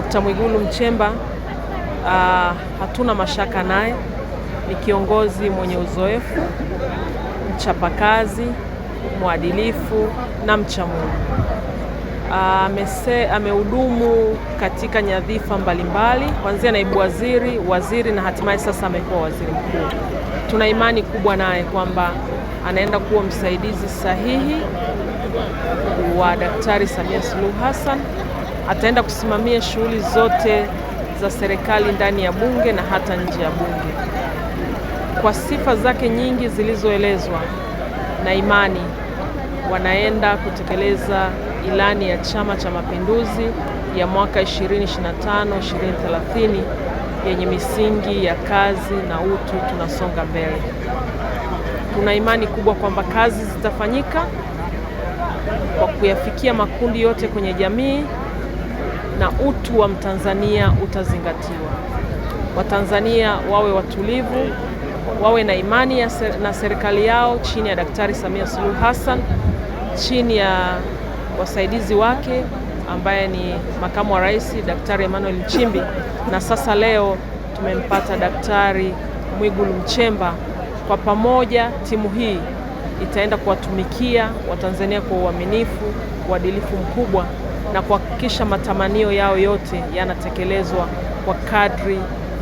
Dr. Mwigulu Nchemba uh, hatuna mashaka naye, ni kiongozi mwenye uzoefu, mchapakazi, mwadilifu na mcha Mungu. Ah, Amehudumu katika nyadhifa mbalimbali kuanzia naibu waziri, waziri na hatimaye sasa amekuwa waziri mkuu. Tuna imani kubwa naye kwamba anaenda kuwa msaidizi sahihi wa Daktari Samia Suluhu Hassan ataenda kusimamia shughuli zote za serikali ndani ya bunge na hata nje ya bunge. Kwa sifa zake nyingi zilizoelezwa na imani, wanaenda kutekeleza ilani ya Chama cha Mapinduzi ya mwaka 2025 2030 yenye misingi ya kazi na utu, tunasonga mbele. Tuna imani kubwa kwamba kazi zitafanyika kwa kuyafikia makundi yote kwenye jamii na utu wa Mtanzania utazingatiwa. Watanzania wawe watulivu, wawe na imani ya ser na serikali yao chini ya Daktari Samia Suluhu Hassan, chini ya wasaidizi wake ambaye ni makamu wa rais Daktari Emmanuel Nchimbi, na sasa leo tumempata Daktari Mwigulu Nchemba. Kwa pamoja timu hii itaenda kuwatumikia Watanzania kwa uaminifu, uadilifu mkubwa na kuhakikisha matamanio yao yote yanatekelezwa kwa kadri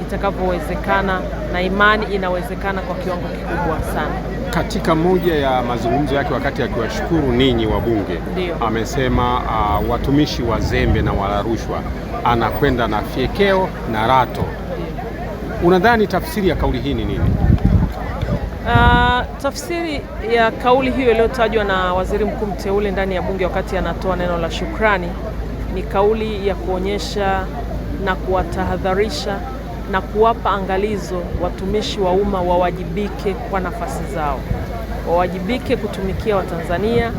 itakavyowezekana na imani inawezekana kwa kiwango kikubwa sana. Katika moja ya mazungumzo yake wakati akiwashukuru ninyi wabunge, amesema uh, watumishi wazembe na walarushwa anakwenda na fyekeo na rato. Unadhani tafsiri ya kauli hii ni nini? Uh, tafsiri ya kauli hiyo iliyotajwa na Waziri Mkuu mteule ndani ya Bunge wakati anatoa neno la shukrani ni kauli ya kuonyesha na kuwatahadharisha na kuwapa angalizo watumishi wa umma wawajibike kwa nafasi zao, wawajibike kutumikia Watanzania,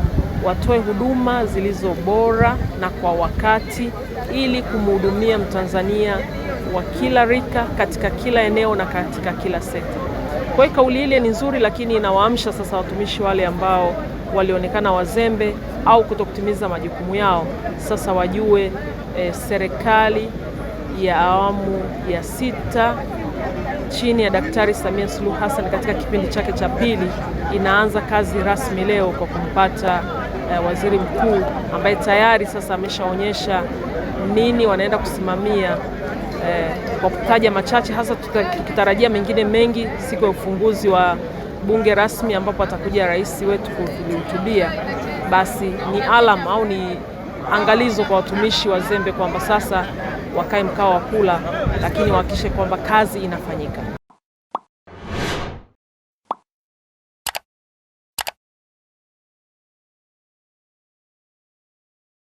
watoe huduma zilizo bora na kwa wakati ili kumhudumia Mtanzania wa kila rika katika kila eneo na katika kila sekta. Kwa hiyo kauli ile ni nzuri, lakini inawaamsha sasa watumishi wale ambao walionekana wazembe au kutokutimiza majukumu yao, sasa wajue e, serikali ya awamu ya sita chini ya Daktari Samia Suluhu Hassan katika kipindi chake cha pili inaanza kazi rasmi leo kwa kumpata e, waziri mkuu ambaye tayari sasa ameshaonyesha nini wanaenda kusimamia Eh, kwa kutaja machache hasa tukitarajia mengine mengi siku ya ufunguzi wa bunge rasmi ambapo atakuja rais wetu kulihutubia, basi ni alam au ni angalizo kwa watumishi wazembe kwamba sasa wakae mkao wa kula, lakini wahakikishe kwamba kazi inafanyika.